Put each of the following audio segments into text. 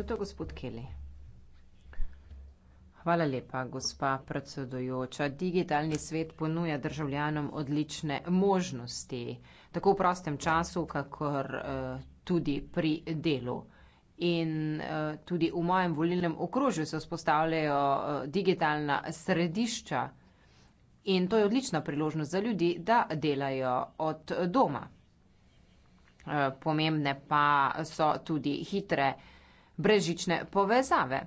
Zato, gospod Keli. Hvala lepa, gospa predsedujoča. Digitalni svet ponuja državljanom odlične možnosti, tako v prostem času, kakor eh, tudi pri delu. In eh, tudi v mojem volilnem okrožju se vzpostavljajo eh, digitalna središča in to je odlična priložnost za ljudi, da delajo od doma. Pomembne pa so tudi hitre brezžične povezave.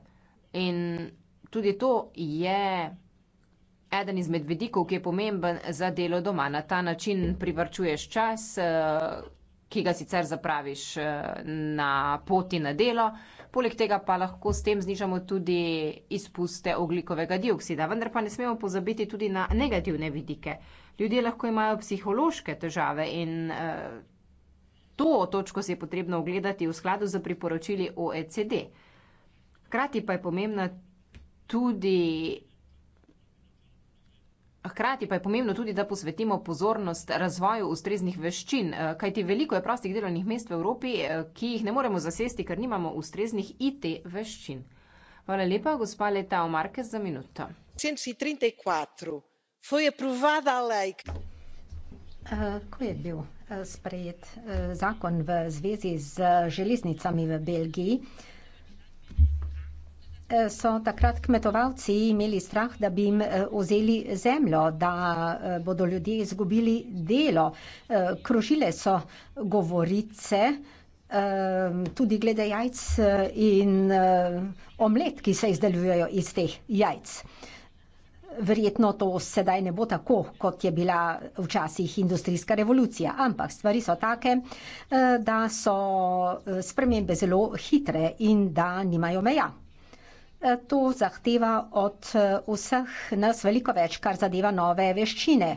In tudi to je eden izmed vidikov, ki je pomemben za delo doma. Na ta način privrčuješ čas, eh, ki ga sicer zapraviš eh, na poti na delo. Poleg tega pa lahko s tem znižamo tudi izpuste oglikovega dioksida. Vendar pa ne smemo pozabiti tudi na negativne vidike. Ljudje lahko imajo psihološke težave in eh, to točko si je potrebno ogledati v skladu z priporočili OECD. Hkrati pa je pomembna tudi. Hkrati pa je pomembno tudi, da posvetimo pozornost razvoju ustreznih veščin, eh, kajti veliko je prostih delovnih mest v Evropi, eh, ki jih ne moremo zasesti, ker nimamo ustreznih IT veščin. Hvala lepa, gospa Leta Omarke, za minuto. 134. E e Foi aprovada a lei. Ko je bil eh, sprejet eh, zakon v zvezi z železnicami v Belgiji, eh, so takrat kmetovalci imeli strah, da bi jim vzeli zemljo, da bodo ljudje izgubili delo. Krožile so govorice, tudi glede jajc in omlet, ki se izdelujejo iz teh jajc. Verjetno to sedaj ne bo tako, kot je bila včasih industrijska revolucija, ampak stvari so take, eh, da so eh, spremembe zelo hitre in da nimajo meja. Eh, to zahteva od vseh nas veliko več, kar zadeva nove veščine,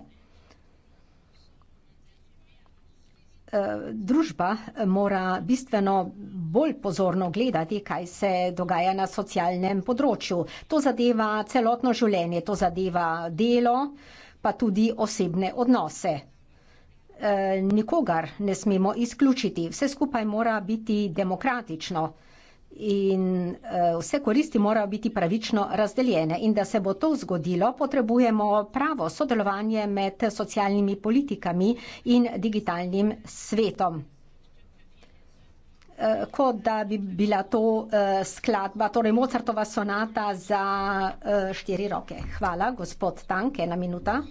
Eh, družba eh, mora bistveno bolj pozorno gledati, kaj se dogaja na socialnem področju. To zadeva celotno življenje, to zadeva delo, pa tudi osebne odnose. Eh, nikogar ne smemo izključiti, vse skupaj mora biti demokratično in eh, vse koristi morajo biti pravično razdeljene. In da se bo to zgodilo, potrebujemo pravo sodelovanje med socialnimi politikami in digitalnim svetom eh, kot da bi bila to eh, skladba, torej Mozartova sonata za štiri roke. Hvala, gospod Tank, ena minuta.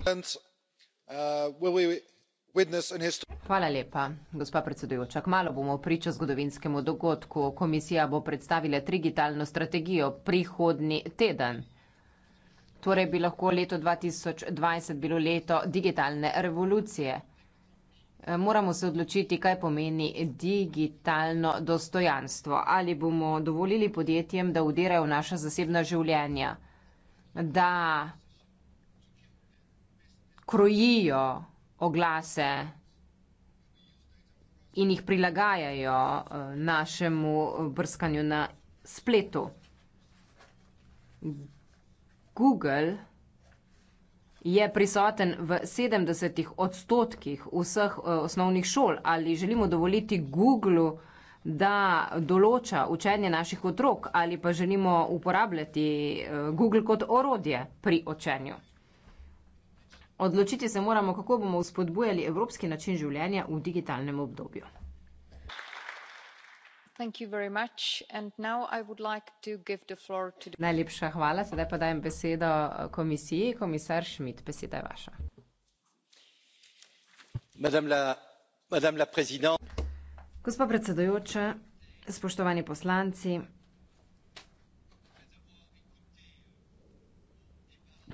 Hvala lepa, gospa predsedujoča. Kmalo bomo priča zgodovinskemu dogodku. Komisija bo predstavila trigitalno strategijo prihodni teden. Torej bi lahko leto 2020 bilo leto digitalne revolucije. E, moramo se odločiti, kaj pomeni digitalno dostojanstvo. Ali bomo dovolili podjetjem, da vdirajo v naša zasebna življenja, da krojijo oglase in jih prilagajajo eh, našemu brskanju na spletu. Google je prisoten v 70 odstotkih vseh eh, osnovnih šol. Ali želimo dovoliti Googlu, da določa učenje naših otrok ali pa želimo uporabljati eh, Google kot orodje pri učenju? Odločiti se moramo, kako bomo vzpodbujali evropski način življenja v digitalnem obdobju. Najlepša hvala, sedaj pa dajem besedo eh, komisiji. Komisar Schmit, beseda je vaša. Gospa predsedujoča, spoštovani poslanci.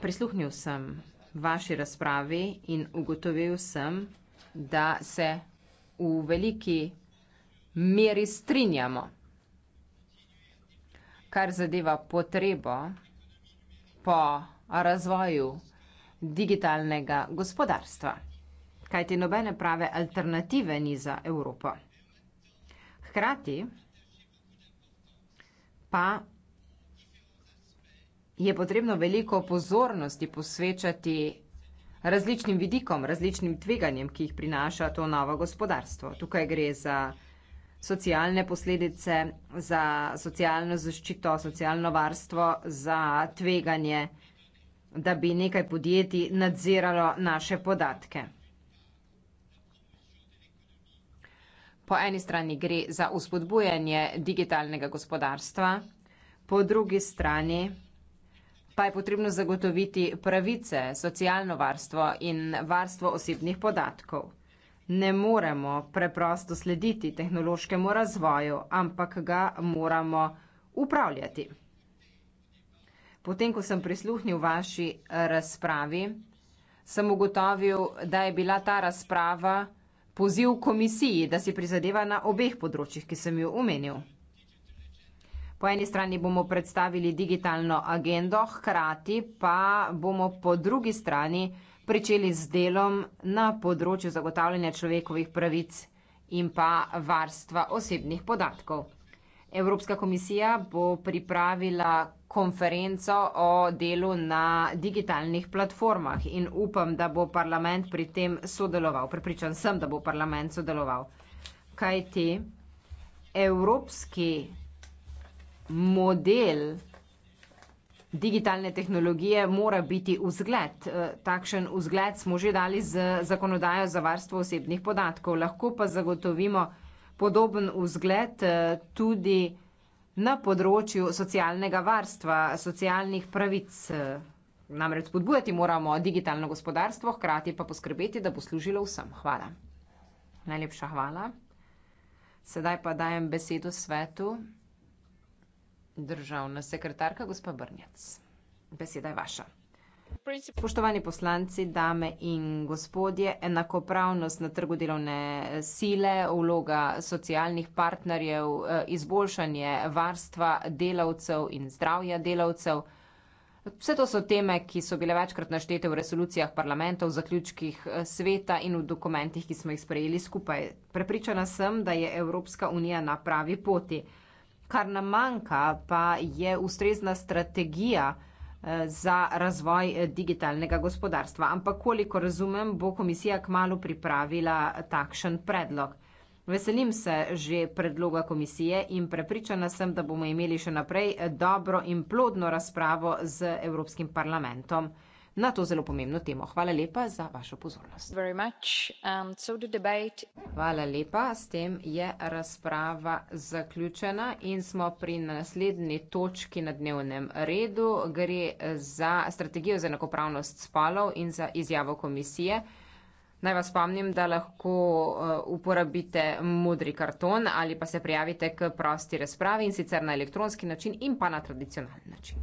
Prisluhnil sem vaši razpravi in ugotovil sem, da se v veliki meri strinjamo, kar zadeva potrebo po razvoju digitalnega gospodarstva, kajti nobene prave alternative ni za Evropo. Hkrati pa je potrebno veliko pozornosti posvečati različnim vidikom, različnim tveganjem, ki jih prinaša to novo gospodarstvo. Tukaj gre za socialne posledice, za socialno zaščito, socialno varstvo, za tveganje, da bi nekaj podjetij nadziralo naše podatke. Po eni strani gre za uspodbujanje digitalnega gospodarstva, po drugi strani pa je potrebno zagotoviti pravice, socialno varstvo in varstvo osebnih podatkov. Ne moremo preprosto slediti tehnološkemu razvoju, ampak ga moramo upravljati. Potem, ko sem prisluhnil vaši razpravi, sem ugotovil, da je bila ta razprava poziv komisiji, da si prizadeva na obeh področjih, ki sem jo omenil. Po eni strani bomo predstavili digitalno agendo, hkrati pa bomo po drugi strani pričeli z delom na področju zagotavljanja človekovih pravic in pa varstva osebnih podatkov. Evropska komisija bo pripravila konferenco o delu na digitalnih platformah in upam, da bo parlament pri tem sodeloval. Prepričan sem, da bo parlament sodeloval. Kaj ti? Evropski model digitalne tehnologije mora biti vzgled. Eh, takšen vzgled smo že dali z zakonodajo za varstvo osebnih podatkov. Lahko pa zagotovimo podoben vzgled eh, tudi na področju socialnega varstva, socialnih pravic. Eh, namreč spodbujati moramo digitalno gospodarstvo, hkrati pa poskrbeti, da bo služilo vsem. Hvala. Najlepša hvala. Sedaj pa dajem besedo svetu. Državna sekretarka, gospa Brnjac, beseda je vaša. Spoštovani poslanci, dame in gospodje, enakopravnost na trgu delovne sile, vloga socialnih partnerjev, eh, izboljšanje varstva delavcev in zdravja delavcev. Vse to so teme, ki so bile večkrat naštete v resolucijah parlamentov, v zaključkih eh, sveta in v dokumentih, ki smo jih sprejeli skupaj. Prepričana sem, da je Evropska unija na pravi poti kar nam manjka, pa je ustrezna strategija eh, za razvoj eh, digitalnega gospodarstva. Ampak koliko razumem, bo komisija k malu pripravila takšen predlog. Veselim se že predloga komisije in prepričana sem, da bomo imeli še naprej eh, dobro in plodno razpravo z Evropskim parlamentom na to zelo pomembno temo. Hvala lepa za vašo pozornost. Um, Hvala lepa, s tem je razprava zaključena in smo pri naslednji točki na dnevnem redu. Gre za strategijo za enakopravnost spolov in za izjavo komisije. Naj vas spomnim, da lahko uh, uporabite modri karton ali pa se prijavite k prosti razpravi in sicer na elektronski način in pa na tradicionalni način.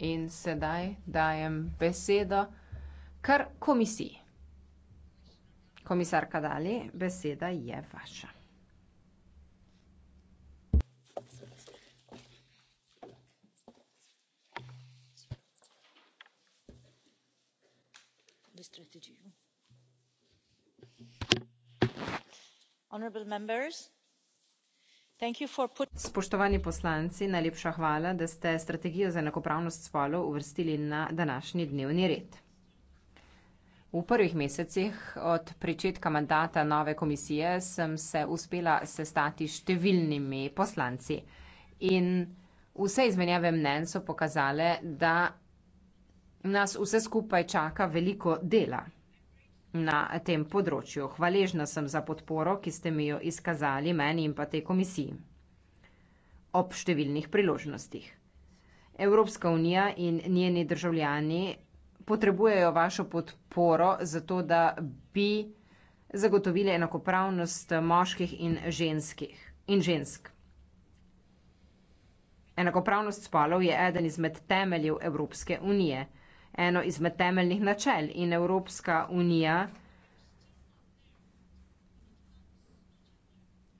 In sedaj dajem besedo kar komisiji. Komisarka Dali, beseda je vaša. Spoštovani poslanci, najlepša hvala, da ste strategijo za enakopravnost spolov uvrstili na današnji dnevni red. V prvih mesecih od pričetka mandata nove komisije sem se uspela sestati številnimi poslanci in vse izmenjave mnen so pokazale, da nas vse skupaj čaka veliko dela na tem področju. Hvaležna sem za podporo, ki ste mi jo izkazali meni in pa tej komisiji. Ob številnih priložnostih. Evropska unija in njeni državljani potrebujejo vašo podporo zato, da bi zagotovili enakopravnost moških in ženskih in žensk. Enakopravnost spolov je eden izmed temeljev Evropske unije eno izmed temeljnih načel in Evropska unija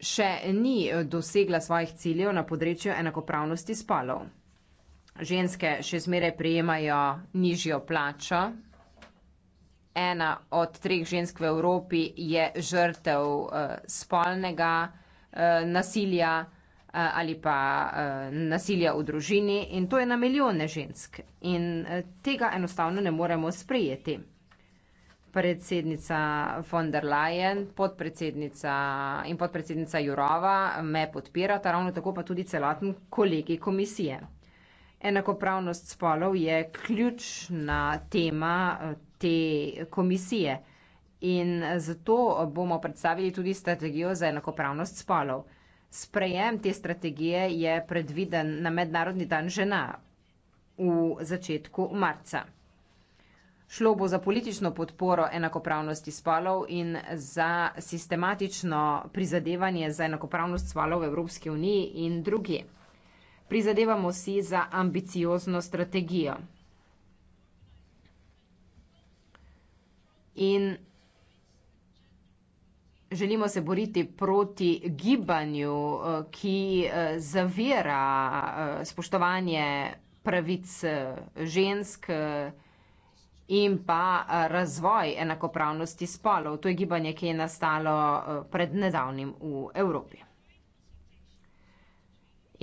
še ni eh, dosegla svojih ciljev na področju enakopravnosti spolov. Ženske še zmeraj prejemajo nižjo plačo. Ena od treh žensk v Evropi je žrtev eh, spolnega eh, nasilja. Eh, ali pa eh, nasilja v družini in to je na milijone žensk in eh, tega enostavno ne moremo sprejeti. Predsednica von der Leyen, podpredsednica in podpredsednica Jurova me podpirata, ravno tako pa tudi celoten kolegi komisije. Enakopravnost spolov je ključna tema te komisije in zato bomo predstavili tudi strategijo za enakopravnost spolov. Sprejem te strategije je predviden na Mednarodni dan žena v začetku marca. Šlo bo za politično podporo enakopravnosti spolov in za sistematično prizadevanje za enakopravnost spolov v Evropski uniji in drugi. Prizadevamo si za ambiciozno strategijo. In Želimo se boriti proti gibanju, eh, ki eh, zavira eh, spoštovanje pravic žensk in pa razvoj enakopravnosti spolov. To je gibanje, ki je nastalo pred nedavnim v Evropi.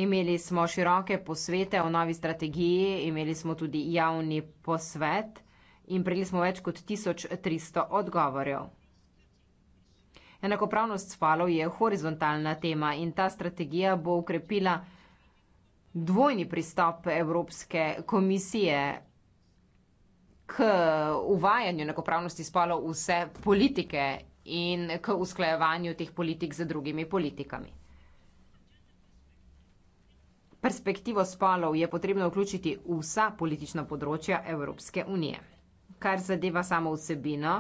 Imeli smo široke posvete o novi strategiji, imeli smo tudi javni posvet in prejeli smo več kot 1300 odgovorjev. Enakopravnost spolov je horizontalna tema in ta strategija bo ukrepila dvojni pristop Evropske komisije k uvajanju enakopravnosti spolov vse politike in k usklajevanju teh politik z drugimi politikami. Perspektivo spolov je potrebno vključiti vsa politična področja Evropske unije. Kar zadeva samo vsebino,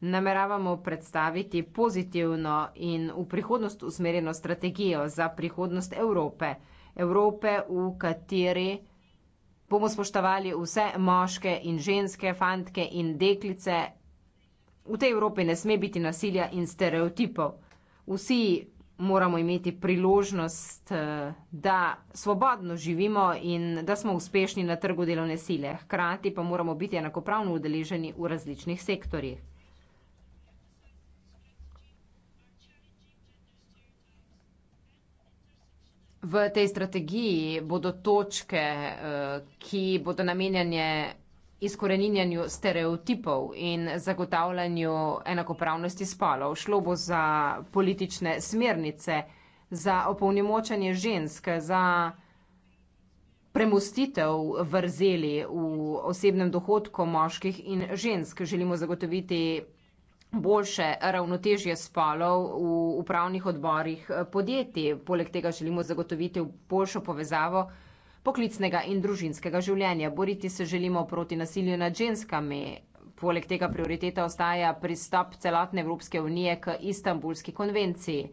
nameravamo predstaviti pozitivno in v prihodnost usmerjeno strategijo za prihodnost Evrope. Evrope, v kateri bomo spoštovali vse moške in ženske, fantke in deklice. V tej Evropi ne sme biti nasilja in stereotipov. Vsi moramo imeti priložnost, eh, da svobodno živimo in da smo uspešni na trgu delovne sile. Hkrati pa moramo biti enakopravno udeleženi v različnih sektorjih. V tej strategiji bodo točke, eh, ki bodo namenjene izkoreninjanju stereotipov in zagotavljanju enakopravnosti spolov. Šlo bo za politične smernice, za opolnimočanje žensk, za premustitev vrzeli v osebnem dohodku moških in žensk. Želimo zagotoviti boljše ravnotežje spolov v upravnih odborih eh, podjetij. Poleg tega želimo zagotoviti boljšo povezavo poklicnega in družinskega življenja. Boriti se želimo proti nasilju nad ženskami. Poleg tega prioriteta ostaja pristop celotne Evropske unije k Istanbulski konvenciji.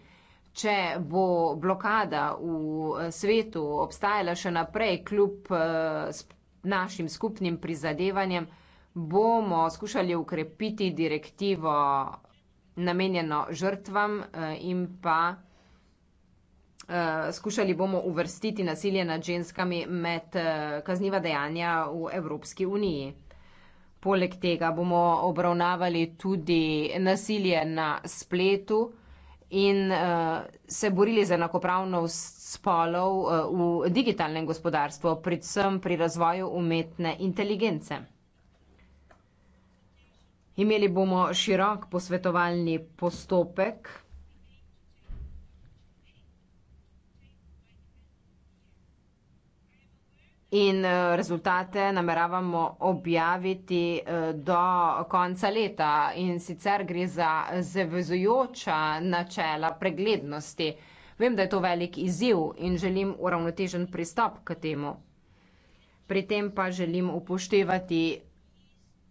Če bo blokada v eh, svetu obstajala še naprej, kljub eh, našim skupnim prizadevanjem, bomo skušali ukrepiti direktivo namenjeno žrtvam eh, in pa eh, skušali bomo uvrstiti nasilje nad ženskami med eh, kazniva dejanja v Evropski uniji. Poleg tega bomo obravnavali tudi nasilje na spletu in uh, se borili za enakopravnost spolov uh, v digitalnem gospodarstvu, predvsem pri razvoju umetne inteligence. Imeli bomo širok posvetovalni postopek. In eh, rezultate nameravamo objaviti eh, do konca leta in sicer gre za zavezujoča načela preglednosti. Vem, da je to velik izziv in želim uravnotežen pristop k temu. Pri tem pa želim upoštevati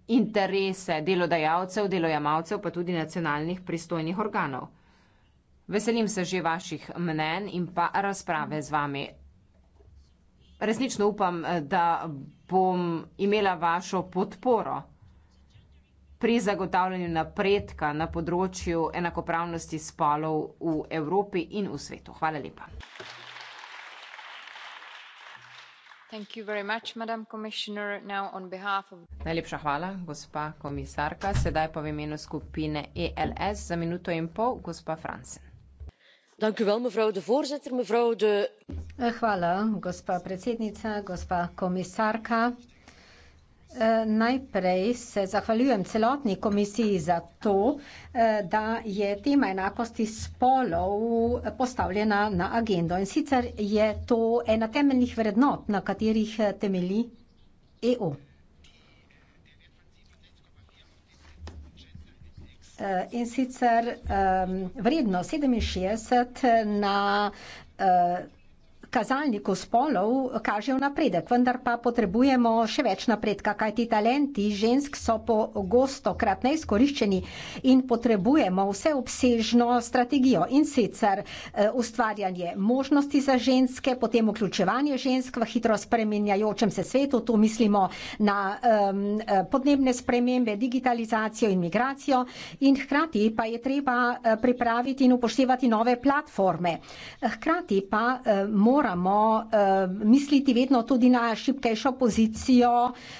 interese delodajalcev, delojamalcev, pa tudi nacionalnih pristojnih organov. Veselim se že vaših mnen in pa razprave z vami. Resnično upam, da bom imela vašo podporo pri zagotavljanju napredka na področju enakopravnosti spolov v Evropi in v svetu. Hvala lepa. Najlepša hvala, gospa komisarka. Sedaj pa v imenu skupine ELS za minuto in pol gospa Franzen. Eh, hvala, gospa predsednica. Gospa komisarka. Najprej se zahvaljujem celotni komisiji za to, eh, da je tema enakosti spolov eh, postavljena na agendo. In sicer je to ena temeljnih vrednot, na katerih eh, temeli EU. In sicer ehm, vredno 67 na kazalniku spolov kažejo napredek, vendar pa potrebujemo še več napredka, kaj ti talenti žensk so pogosto krat neizkoriščeni in potrebujemo vseobsežno strategijo in sicer eh, ustvarjanje možnosti za ženske, potem vključevanje žensk v hitro spreminjajočem se svetu, tu mislimo na um, podnebne spremembe, digitalizacijo in migracijo in hkrati pa je treba eh, pripraviti in upoštevati nove platforme. Hkrati pa uh, mora moramo uh, misliti vedno tudi na šibkejšo pozicijo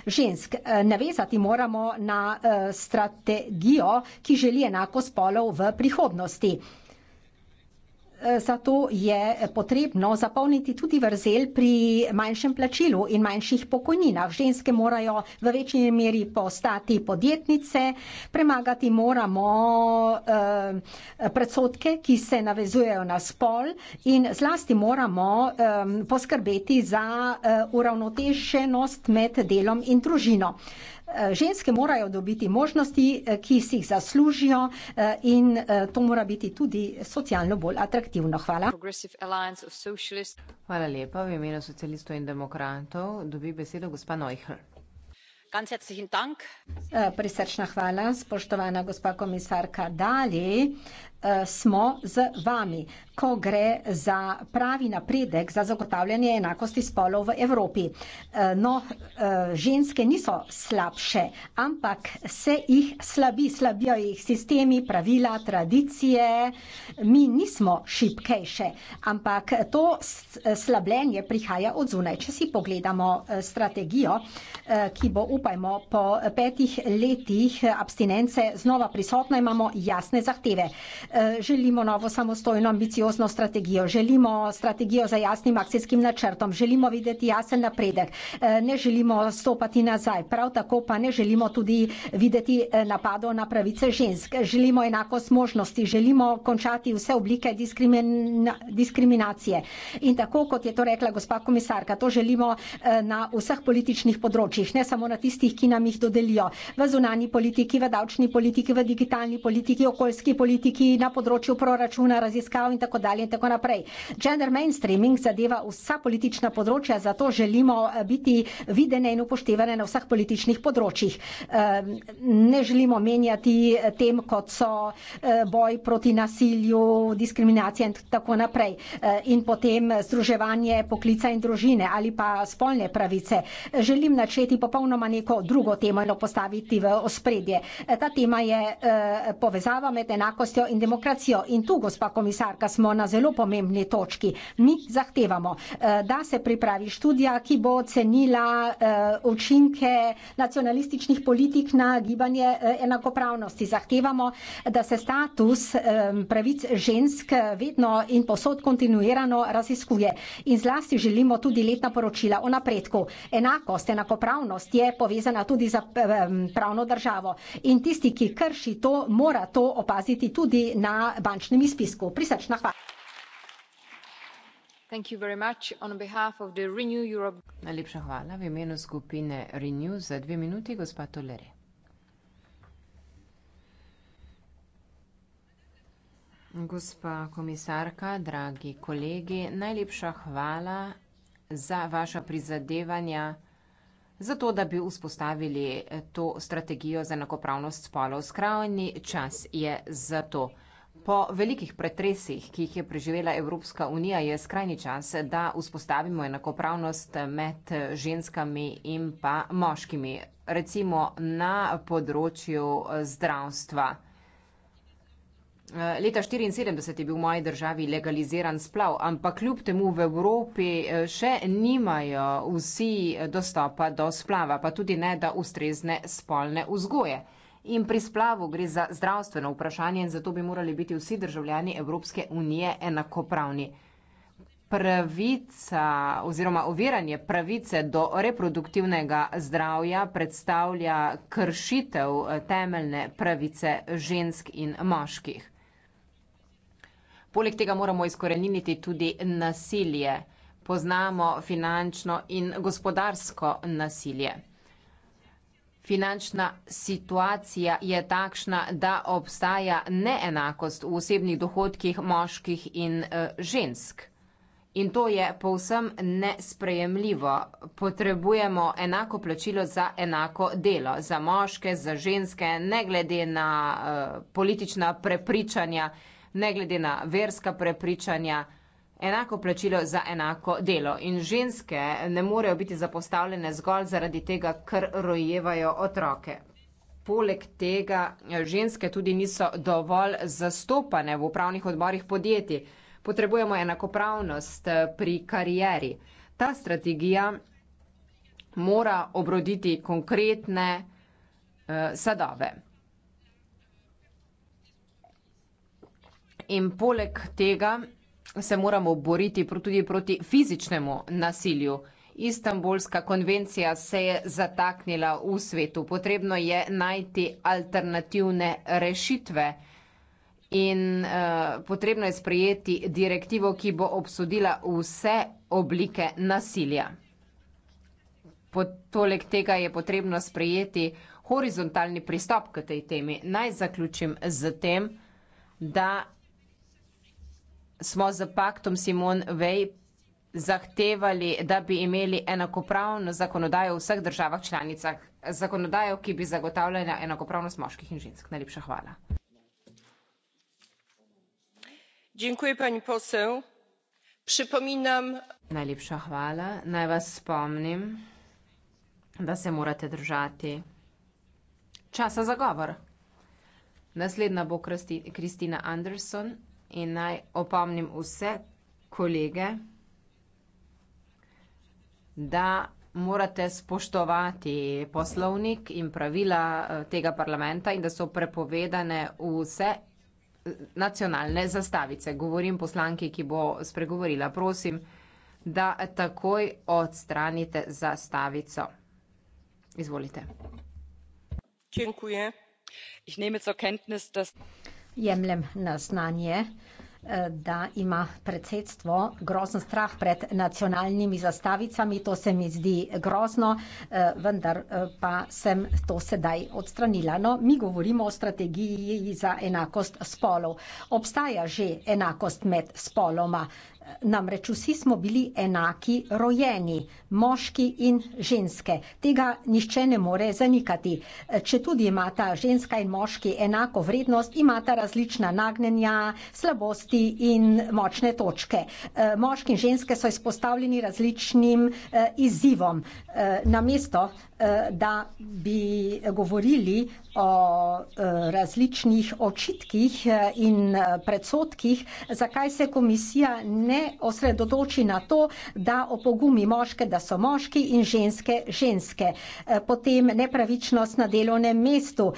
žensk. Uh, navezati moramo na uh, strategijo, ki želi enako spolov v prihodnosti zato je potrebno zapolniti tudi vrzel pri manjšem plačilu in manjših pokojninah. Ženske morajo v večji meri postati podjetnice, premagati moramo eh, predsotke, ki se navezujejo na spol in zlasti moramo eh, poskrbeti za eh, uravnotešenost med delom in družino. Eh, Eh, ženske morajo dobiti možnosti, eh, ki si jih zaslužijo eh, in to mora biti tudi socialno bolj atraktivno. Hvala. Hvala lepa. V imenu socialistov in demokratov dobi besedo gospa Neuchl. Presrčna hvala, spoštovana gospa komisarka Dali. Eh, smo z vami, ko gre za pravi napredek za zagotavljanje enakosti spolov v Evropi. Eh, no, eh, ženske niso slabše, ampak se jih slabi, slabijo jih sistemi, pravila, tradicije, mi nismo šipkejše, ampak to slabljenje prihaja od zunaj. Če si pogledamo strategijo, ki bo, upajmo, po petih letih abstinence znova prisotna, imamo jasne zahteve. Eh, želimo novo samostojno ambiciozno strategijo, želimo strategijo za jasnim akcijskim načrtom, želimo videti jasen napredek, eh, ne želimo stopati nazaj, prav tako pa ne želimo tudi videti eh, napadov na pravice žensk, želimo enakost možnosti, želimo končati vse oblike diskrimina, diskriminacije. In tako, kot je to rekla gospa komisarka, to želimo na vseh političnih področjih, ne samo na tistih, ki nam jih dodelijo, v zunani politiki, v davčni politiki, v digitalni politiki, okoljski politiki, na področju proračuna, raziskav in tako dalje in tako naprej. Gender mainstreaming zadeva vsa politična področja, zato želimo eh, biti videne in upoštevane na vseh političnih področjih. Ehm, ne želimo menjati eh, tem, kot so eh, boj proti nasilju, diskriminacija in tako naprej. In potem združevanje poklica in družine ali pa spolne pravice. Želim načeti popolnoma neko drugo temo in jo postaviti v ospredje. Ta tema je povezava med enakostjo in demokracijo demokracijo. In tu, gospa komisarka, smo na zelo pomembni točki. Mi zahtevamo, eh, da se pripravi študija, ki bo cenila eh, učinke nacionalističnih politik na gibanje eh, enakopravnosti. Zahtevamo, da se status pravic žensk vedno in posod kontinuirano raziskuje. In zlasti želimo tudi letna poročila o napredku. Enakost, enakopravnost je povezana tudi za pravno državo. In tisti, ki krši to, mora to opaziti tudi na bančnem izpisku. Prisrčna hvala. Najlepša hvala. V imenu skupine Renew za dve minuti gospa Tolere. Gospa komisarka, dragi kolegi, najlepša hvala za vaša prizadevanja, za to, da bi vzpostavili to strategijo za enakopravnost spolov. Skrajni čas je za to. Po velikih pretresih, ki jih je preživela Evropska unija, je skrajni čas, da vzpostavimo enakopravnost med ženskami in pa moškimi, recimo na področju eh, zdravstva. Eh, leta 1974 je bil v moji državi legaliziran splav, ampak kljub temu v Evropi eh, še nimajo vsi dostopa do splava, pa tudi ne da ustrezne spolne vzgoje in pri splavu gre za zdravstveno vprašanje in zato bi morali biti vsi državljani Evropske unije enakopravni. Pravica oziroma oviranje pravice do reproduktivnega zdravja predstavlja kršitev temeljne pravice žensk in moških. Poleg tega moramo izkoreniniti tudi nasilje. Poznamo finančno in gospodarsko nasilje. Finančna situacija je takšna, da obstaja neenakost v osebnih dohodkih moških in uh, žensk. In to je povsem nesprejemljivo. Potrebujemo enako plačilo za enako delo, za moške, za ženske, ne glede na uh, politična prepričanja, ne glede na verska prepričanja enako plačilo za enako delo. In ženske ne morejo biti zapostavljene zgolj zaradi tega, ker rojevajo otroke. Poleg tega eh, ženske tudi niso dovolj zastopane v upravnih odborih podjetij. Potrebujemo enakopravnost eh, pri karieri. Ta strategija mora obroditi konkretne eh, sadove. In poleg tega se moramo boriti tudi proti fizičnemu nasilju. Istanbulska konvencija se je zataknila v svetu. Potrebno je najti alternativne rešitve in eh, potrebno je sprejeti direktivo, ki bo obsodila vse oblike nasilja. Poleg tega je potrebno sprejeti horizontalni pristop k tej temi. Naj zaključim z tem, da smo z paktom Simon Vej zahtevali, da bi imeli enakopravno zakonodajo v vseh državah članicah, zakonodajo, ki bi zagotavljala enakopravnost moških in žensk. Najlepša hvala. Najlepša hvala. Naj vas spomnim, da se morate držati časa za govor. Naslednja bo Kristina Anderson in naj opomnim vse kolege, da morate spoštovati poslovnik in pravila eh, tega parlamenta in da so prepovedane vse eh, nacionalne zastavice. Govorim poslanki, ki bo spregovorila. Prosim, da takoj odstranite zastavico. Izvolite. Čenkuje. Ich nehme zur Kenntnis, dass jemljem na znanje, eh, da ima predsedstvo grozen strah pred nacionalnimi zastavicami. To se mi zdi grozno, eh, vendar eh, pa sem to sedaj odstranila. No, mi govorimo o strategiji za enakost spolov. Obstaja že enakost med spoloma, Namreč vsi smo bili enaki rojeni, moški in ženske. Tega nišče ne more zanikati. Če tudi imata ženska in moški enako vrednost, imata različna nagnjenja, slabosti in močne točke. E, moški in ženske so izpostavljeni različnim e, izzivom. E, namesto Eh, da bi govorili o eh, različnih očitkih eh, in predsotkih, zakaj se komisija ne osredotoči na to, da opogumi moške, da so moški in ženske ženske. Potem nepravičnost na delovnem mestu,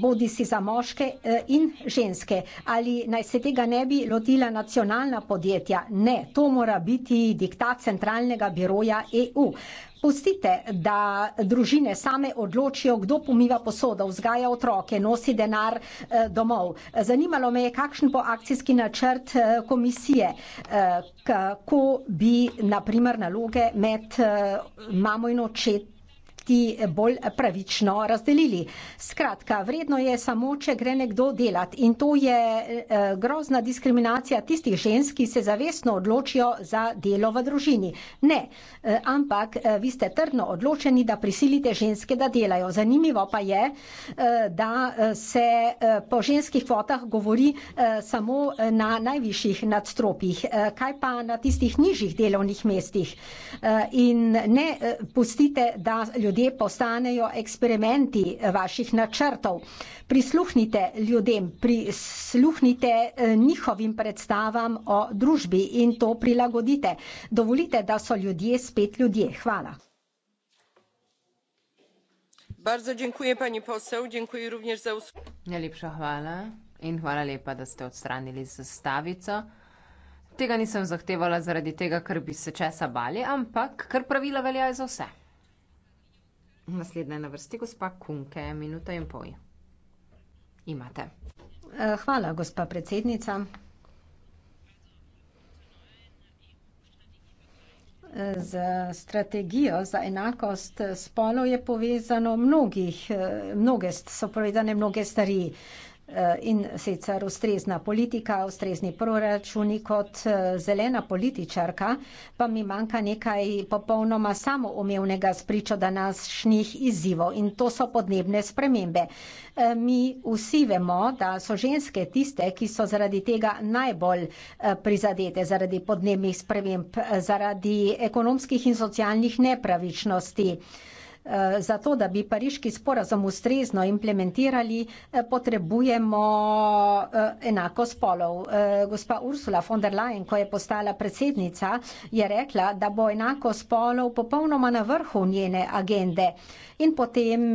bodi si za moške in ženske. Ali naj se tega ne bi lotila nacionalna podjetja? Ne, to mora biti diktat centralnega biroja EU. Pustite, da družine same odločijo, kdo pomiva posodo, vzgaja otroke, nosi denar eh, domov. Zanimalo me je, kakšen bo akcijski načrt eh, komisije, eh, kako bi naprimer naloge med mamo in očetom oblasti bolj pravično razdelili. Skratka, vredno je samo, če gre nekdo delat in to je eh, grozna diskriminacija tistih žensk, ki se zavestno odločijo za delo v družini. Ne, eh, ampak eh, vi ste trdno odločeni, da prisilite ženske, da delajo. Zanimivo pa je, da se po ženskih kvotah govori samo na najvišjih nadstropjih, kaj pa na tistih nižjih delovnih mestih. In ne pustite, da ljudje ljudje postanejo eksperimenti vaših načrtov. Prisluhnite ljudem, prisluhnite eh, njihovim predstavam o družbi in to prilagodite. Dovolite, da so ljudje spet ljudje. Hvala. Najlepša hvala in hvala lepa, da ste odstranili zastavico. Tega nisem zahtevala zaradi tega, ker bi se česa bali, ampak ker pravila veljajo za vse. Naslednja na vrsti, gospa Kunke, minuta in pol. Imate. Eh, hvala, gospa predsednica. Eh, z strategijo za enakost spolov je povezano mnogih, eh, mnoge, so povezane mnoge starije. Eh, in sicer ustrezna politika, ustrezni proračuni kot eh, zelena političarka, pa mi manjka nekaj popolnoma samoumevnega spričo današnjih izzivov in to so podnebne spremembe. Eh, mi vsi vemo, da so ženske tiste, ki so zaradi tega najbolj prizadete, zaradi podnebnih sprememb, zaradi ekonomskih in socialnih nepravičnosti. Eh, zato, da bi pariški sporazum ustrezno implementirali, eh, potrebujemo eh, enako spolov. Gospa Ursula von der Leyen, ko je postala predsednica, je rekla, da bo enako spolov popolnoma na vrhu njene agende. In potem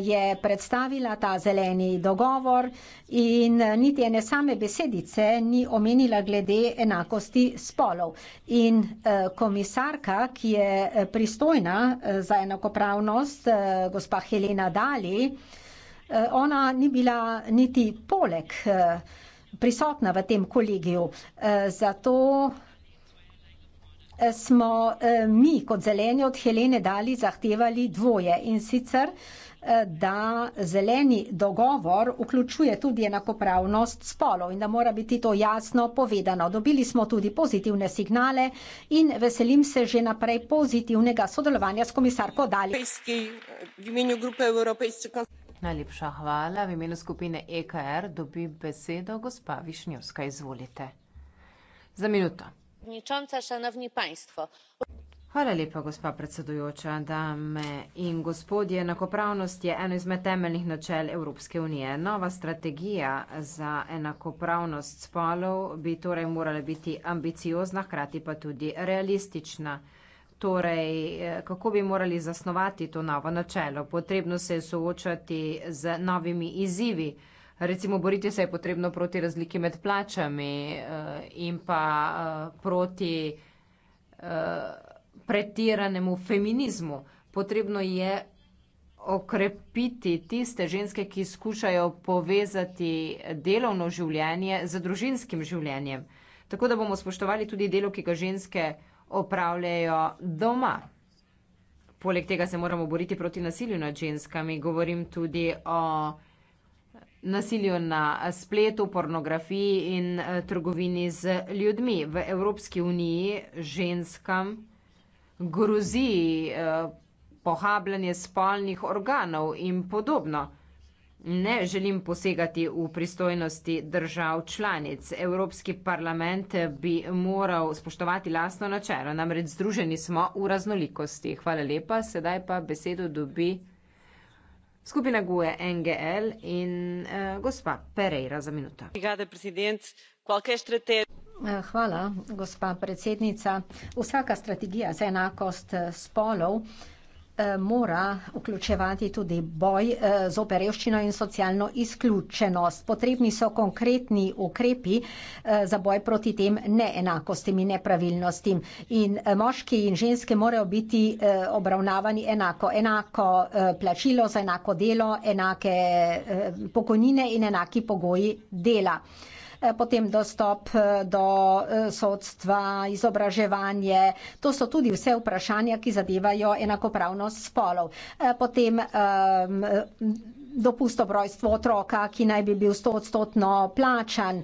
je predstavila ta zeleni dogovor In eh, niti ene same besedice ni omenila glede enakosti spolov. In eh, komisarka, ki je eh, pristojna za enakopravnost, gospa Helena Dali, ona ni bila niti poleg prisotna v tem kolegiju. Zato smo eh, mi kot zeleni od Helene dali zahtevali dvoje in sicer, eh, da zeleni dogovor vključuje tudi enakopravnost spolov in da mora biti to jasno povedano. Dobili smo tudi pozitivne signale in veselim se že naprej pozitivnega sodelovanja s komisarko Dali. Najlepša hvala. V imenu skupine EKR dobi besedo gospa Višnjovska. Izvolite. Za minuto gospa predsedujoča dame in gospodje enakopravnost je eno izmed temeljnih načel evropske unije nova strategija za enakopravnost spolov bi torej morala biti ambiciozna hkrati pa tudi realistična torej kako bi morali zasnovati to novo načelo potrebno se je soočati z novimi izzivi recimo boriti se je potrebno proti razliki med plačami uh, in pa uh, proti uh, pretiranemu feminizmu. Potrebno je okrepiti tiste ženske, ki skušajo povezati delovno življenje z družinskim življenjem. Tako da bomo spoštovali tudi delo, ki ga ženske opravljajo doma. Poleg tega se moramo boriti proti nasilju nad ženskami. Govorim tudi o nasilju na spletu, pornografiji in eh, trgovini z ljudmi. V Evropski uniji ženskam grozi eh, pohabljanje spolnih organov in podobno. Ne želim posegati v pristojnosti držav članic. Evropski parlament bi moral spoštovati lastno načelo. Namreč združeni smo v raznolikosti. Hvala lepa. Sedaj pa besedo dobi skupina gue ngl in uh, gospa pereira za minuto eh, Hvala, gospa predsednica. Vsaka strategija za enakost eh, spolov Eh, mora vključevati tudi boj eh, z operevščino in socialno izključenost. Potrebni so konkretni ukrepi eh, za boj proti tem neenakostim in nepravilnostim. In moški in ženske morajo biti obravnavani enako. Enako plačilo za enako delo, enake pokojnine in enaki pogoji dela. Eh, potem dostop eh, do eh, sodstva, izobraževanje. To so tudi vse vprašanja, ki zadevajo enakopravnost spolov. Potem ehm, dopustov rojstvo otroka, ki naj bi bil stoodstotno plačan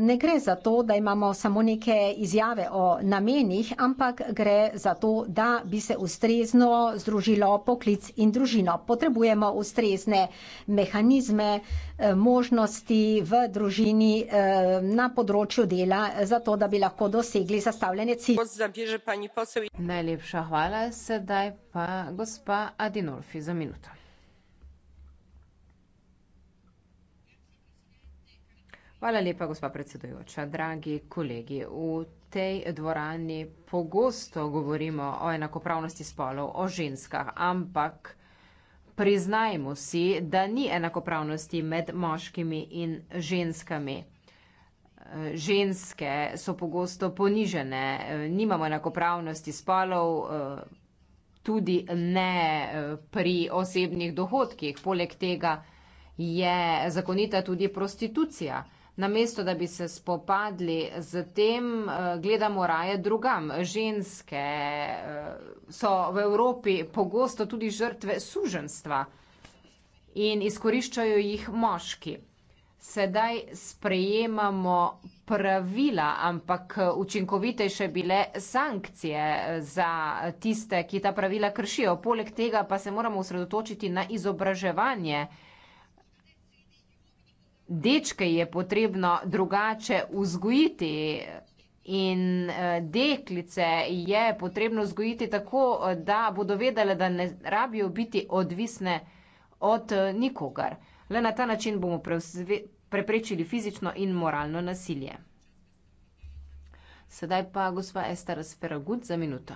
ne gre za to, da imamo samo neke izjave o namenih, ampak gre za to, da bi se ustrezno združilo poklic in družino. Potrebujemo ustrezne mehanizme, eh, možnosti v družini eh, na področju dela, zato da bi lahko dosegli zastavljene cilje. Najlepša hvala, sedaj pa gospa Adinolfi za minuto. Hvala lepa, gospa predsedujoča. Dragi kolegi, v tej dvorani pogosto govorimo o enakopravnosti spolov, o ženskah, ampak priznajmo si, da ni enakopravnosti med moškimi in ženskami. Ženske so pogosto ponižene, nimamo enakopravnosti spolov, tudi ne pri osebnih dohodkih. Poleg tega je zakonita tudi prostitucija namesto da bi se spopadli z tem, eh, gledamo raje drugam. Ženske eh, so v Evropi pogosto tudi žrtve suženstva in izkoriščajo jih moški. Sedaj sprejemamo pravila, ampak učinkovitejše bile sankcije eh, za tiste, ki ta pravila kršijo. Poleg tega pa se moramo osredotočiti na izobraževanje dečke je potrebno drugače vzgojiti. In eh, deklice je potrebno vzgojiti tako, eh, da bodo vedele, da ne rabijo biti odvisne od eh, nikogar. Le na ta način bomo preprečili fizično in moralno nasilje. Sedaj pa gospa Ester Sferagut za minuto.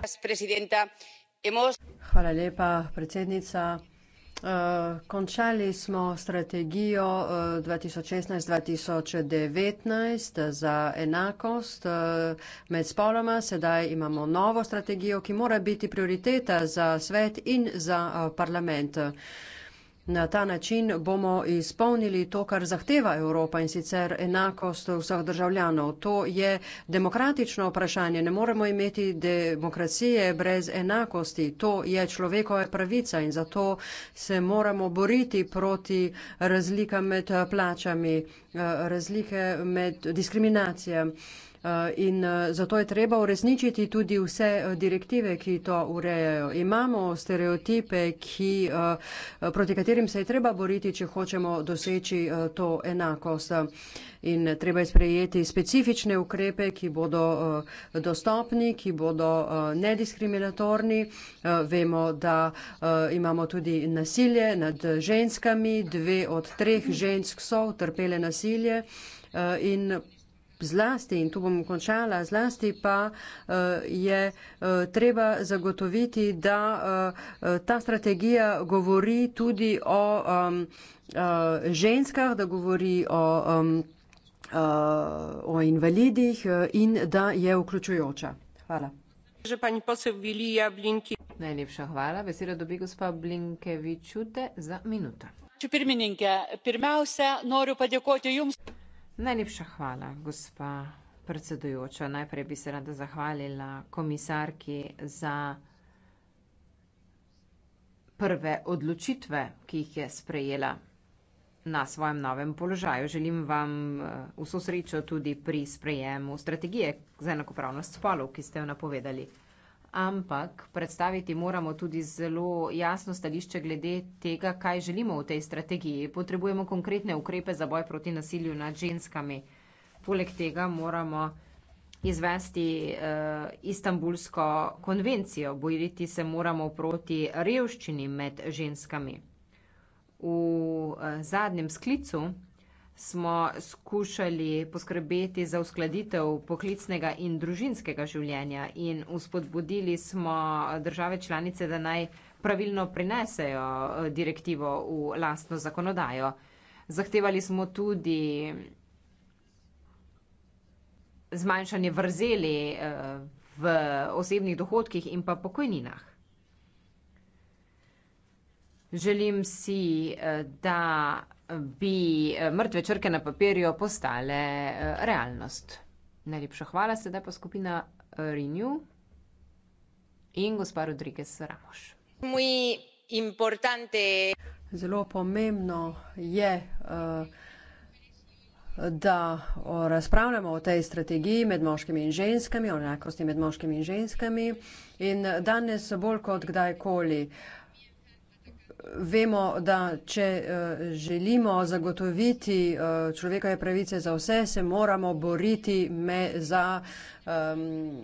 Hvala lepa, predsednica. Eh, končali smo strategijo 2016-2019 eh, za enakost eh, med spoloma. Sedaj imamo novo strategijo, ki mora biti prioriteta za svet in za parlament. Na ta način bomo izpolnili to, kar zahteva Evropa in sicer enakost vseh državljanov. To je demokratično vprašanje. Ne moremo imeti demokracije brez enakosti. To je človekova pravica in zato se moramo boriti proti razlikam med plačami, eh, razlike med diskriminacijami. Eh, in eh, zato je treba uresničiti tudi vse eh, direktive, ki to urejajo. Imamo stereotipe, ki, proti katerim se je treba boriti, če hočemo doseči to enakost. In treba je sprejeti specifične ukrepe, ki bodo dostopni, ki bodo nediskriminatorni. Vemo, da imamo tudi nasilje nad ženskami, dve od treh žensk so utrpele nasilje. In Zlasti, in tu bom končala, zlasti pa uh, je uh, treba zagotoviti, da uh, ta strategija govori tudi o um, uh, ženskah, da govori o. Um, o invalidih in da je vključujoča. Hvala. Že pa ni posebej bili jablinki. Najlepša hvala. Vesela dobi gospa Blinkevičute za minuto. Če pirmininke, prvem vse, noro pa dekoti jums. Najlepša hvala, gospa predsedujoča. Najprej bi se rada zahvalila komisarki za prve odločitve, ki jih je sprejela na svojem novem položaju. Želim vam eh, vso srečo tudi pri sprejemu strategije za enakopravnost spolov, ki ste jo napovedali ampak predstaviti moramo tudi zelo jasno stališče glede tega, kaj želimo v tej strategiji. Potrebujemo konkretne ukrepe za boj proti nasilju nad ženskami. Poleg tega moramo izvesti uh, istambulsko konvencijo, bojiti se moramo proti revščini med ženskami. V uh, zadnjem sklicu smo skušali poskrbeti za uskladitev poklicnega in družinskega življenja in uspodbudili smo države članice, da naj pravilno prinesejo eh, direktivo v lastno zakonodajo. Zahtevali smo tudi eh, zmanjšanje vrzeli eh, v osebnih dohodkih in pa pokojninah. Želim si, da bi eh, mrtve črke na papirju postale eh, realnost. Najlepša hvala sedaj pa skupina eh, Renew in gospa Rodriguez Ramoš. Zelo pomembno je, da razpravljamo o tej strategiji med moškimi in ženskami, o enakosti med moškimi in ženskami in danes bolj kot kdajkoli. Vemo, da če eh, želimo zagotoviti eh, človekove pravice za vse, se moramo boriti me, za, um,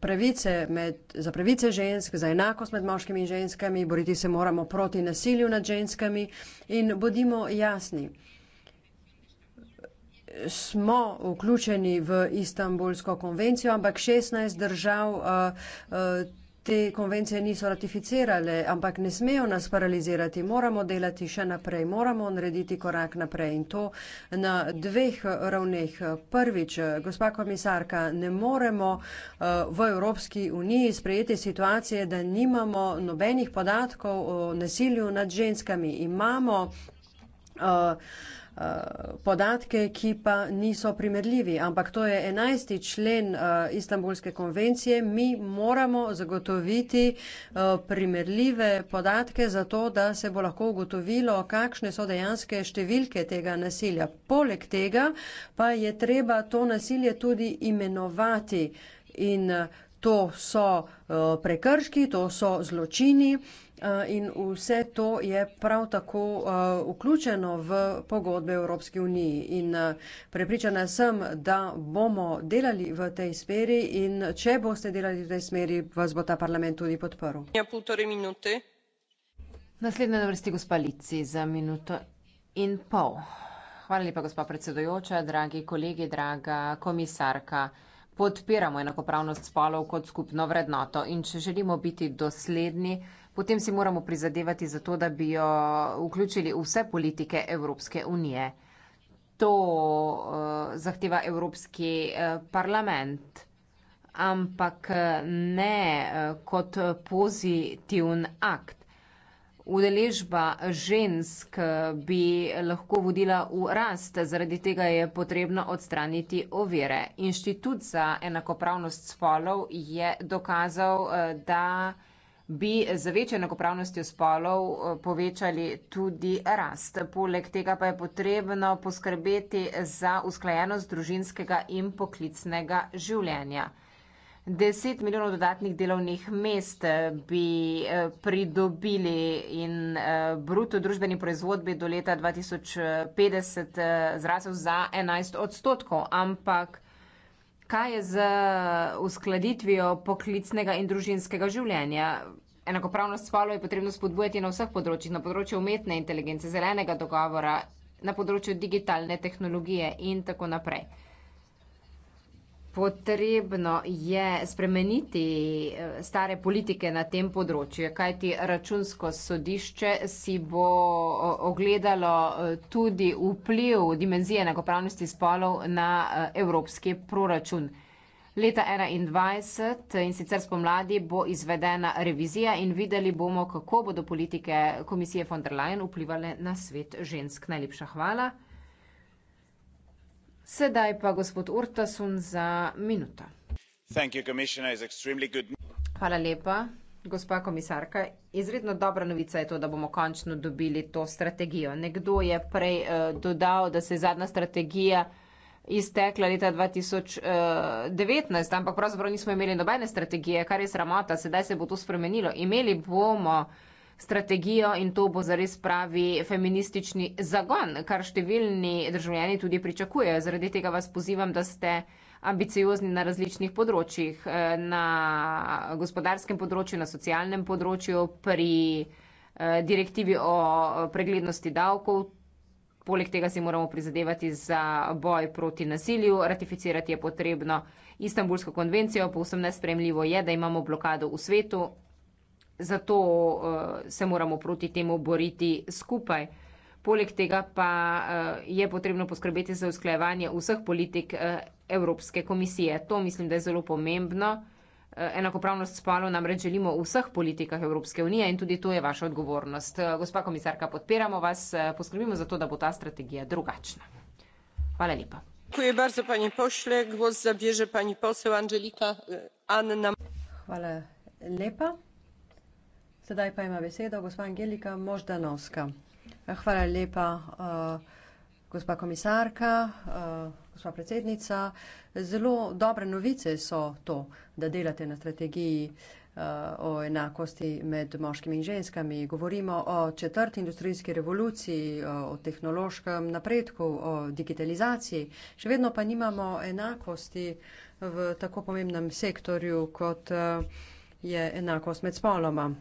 pravice med, za pravice žensk, za enakost med moškimi in ženskami, boriti se moramo proti nasilju nad ženskami in bodimo jasni. Smo vključeni v Istanbulsko konvencijo, ampak 16 držav uh, uh, te konvencije niso ratificirale, ampak ne smejo nas paralizirati. Moramo delati še naprej, moramo narediti korak naprej in to na dveh ravneh. Prvič, gospa komisarka, ne moremo eh, v Evropski uniji sprejeti situacije, da nimamo nobenih podatkov o nasilju nad ženskami. Imamo uh, Eh, podatke, ki pa niso primerljivi. Ampak to je 11. člen uh, Istanbulske konvencije. Mi moramo zagotoviti uh, primerljive podatke za to, da se bo lahko ugotovilo, kakšne so dejanske številke tega nasilja. Poleg tega pa je treba to nasilje tudi imenovati in uh, to so uh, prekrški, to so zločini. Uh, Eh, in vse to je prav tako eh, vključeno v pogodbe Evropske unije. In eh, prepričana sem, da bomo delali v tej smeri in če boste delali v tej smeri, vas bo ta parlament tudi podporil. Ja, Naslednja na vrsti gospa Lici za minuto in pol. Hvala lepa, gospa predsedojoča, dragi kolegi, draga komisarka. Podpiramo enakopravnost spolov kot skupno vrednoto in če želimo biti dosledni, potem si moramo prizadevati za to, da bi jo vključili vse politike Evropske unije. To uh, zahteva Evropski uh, parlament, ampak eh, ne uh, kot pozitivn akt. Udeležba žensk bi lahko vodila v rast, zaradi tega je potrebno odstraniti ovire. Inštitut za enakopravnost spolov je dokazal, uh, da bi z večjo enakopravnostjo spolov eh, povečali tudi rast. Poleg tega pa je potrebno poskrbeti za usklajenost družinskega in poklicnega življenja. 10 milijonov dodatnih delovnih mest eh, bi eh, pridobili in bruto družbeni proizvod bi do leta 2050 zrasel za 11 odstotkov, ampak kaj je z uh, uskladitvijo poklicnega in družinskega življenja. Enakopravnost spolov je potrebno spodbujati na vseh področjih, na področju umetne inteligence, zelenega dogovora, na področju digitalne tehnologije in tako naprej. Potrebno je spremeniti eh, stare politike na tem področju, kajti računsko sodišče si bo ogledalo eh, tudi vpliv dimenzije enakopravnosti spolov na eh, evropski proračun. Leta 2021 in sicer spomladi bo izvedena revizija in videli bomo, kako bodo politike komisije von der Leyen vplivali na svet žensk. Najlepša hvala. Sedaj pa gospod Urtasun za minuto. Hvala lepa, gospa komisarka. Izredno dobra novica je to, da bomo končno dobili to strategijo. Nekdo je prej uh, dodal, da se je zadnja strategija iztekla leta 2019, eh, ampak pravzaprav nismo imeli nobene strategije, kar je sramota. Sedaj se bo to spremenilo. Imeli bomo uh, strategijo in to bo zares pravi feministični zagon, kar številni državljani tudi pričakujejo. Zaradi tega vas pozivam, da ste ambiciozni na različnih področjih, eh, na gospodarskem področju, na socialnem področju, pri eh, direktivi o eh, preglednosti davkov. Poleg tega si moramo prizadevati za boj proti nasilju, ratificirati je potrebno Istanbulsko konvencijo, povsem nespremljivo je, da imamo blokado v svetu, zato uh, se moramo proti temu boriti skupaj. Poleg tega pa uh, je potrebno poskrbeti za usklajevanje vseh politik uh, Evropske komisije. To mislim, da je zelo pomembno. Enakopravnost spolo namreč želimo v vseh politikah Evropske unije in tudi to je vaša odgovornost. Gospa komisarka, podpiramo vas, poskrbimo za to, da bo ta strategija drugačna. Hvala lepa. Hvala bardzo, pani pošle. Glas zabije pani posel Anželika Anna. Hvala lepa. Sedaj pa ima besedo gospa Angelika Moždanovska. Hvala lepa, eh, gospa komisarka, eh, gospa predsednica. Zelo dobre novice so to, da delate na strategiji eh, o enakosti med moškimi in ženskami. Govorimo o četrti industrijski revoluciji, o tehnološkem napredku, o digitalizaciji. Še vedno pa nimamo enakosti v tako pomembnem sektorju, kot je enakost med spoloma.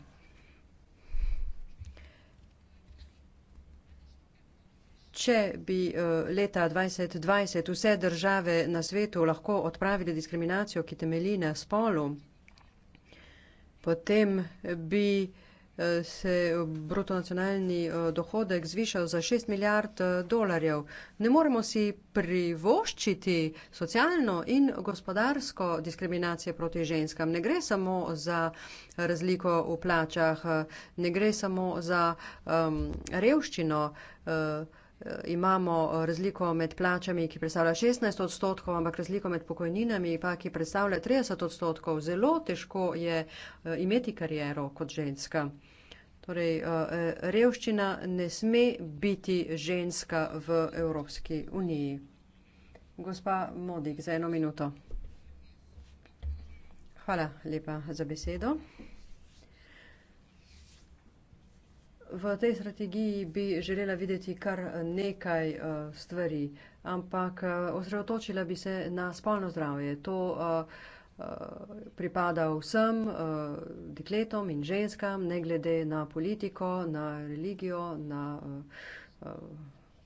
Če bi eh, leta 2020 vse države na svetu lahko odpravili diskriminacijo, ki temelji na spolu, potem bi eh, se bruto nacionalni eh, dohodek zvišal za 6 milijard dolarjev. Ne moremo si privoščiti socialno in gospodarsko diskriminacijo proti ženskam. Ne gre samo za razliko v plačah, ne gre samo za um, revščino. Uh, Eh, imamo eh, razliko med plačami, ki predstavlja 16 odstotkov, ampak razliko med pokojninami, pa, ki predstavlja 30 odstotkov. Zelo težko je eh, imeti kariero kot ženska. Torej, revščina ne sme biti ženska v Evropski uniji. Gospa Modik, za eno minuto. Hvala lepa za besedo. V tej strategiji bi želela videti kar nekaj uh, stvari, ampak uh, osredotočila bi se na spolno zdravje. To uh, uh, pripada vsem uh, dekletom in ženskam, ne glede na politiko, na religijo, na uh, uh,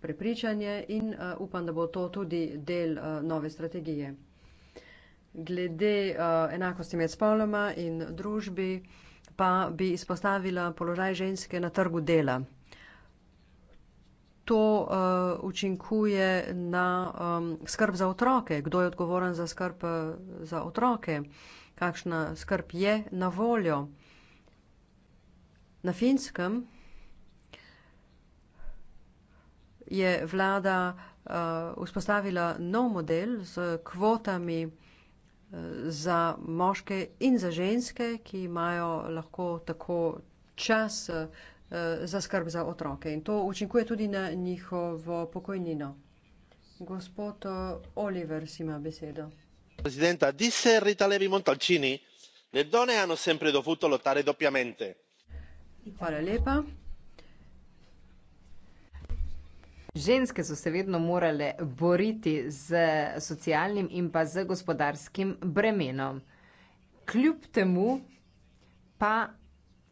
prepričanje in uh, upam, da bo to tudi del uh, nove strategije. Glede uh, enakosti med spoloma in družbi. Uh, pa bi izpostavila položaj ženske na trgu dela. To uh, učinkuje na um, skrb za otroke, kdo je odgovoren za skrb uh, za otroke, kakšna skrb je na voljo. Na finskem je vlada uh, vzpostavila nov model z kvotami za moške in za ženske, ki imajo lahko tako čas eh, za skrb za otroke. In to učinkuje tudi na njihovo pokojnino. Gospod eh, Oliver ima besedo. Presidenta, dice Rita Levi Montalcini, le donne hanno sempre dovuto lottare doppiamente. Hvala lepa. Ženske so se vedno morale boriti z socialnim in pa z gospodarskim bremenom. Kljub temu pa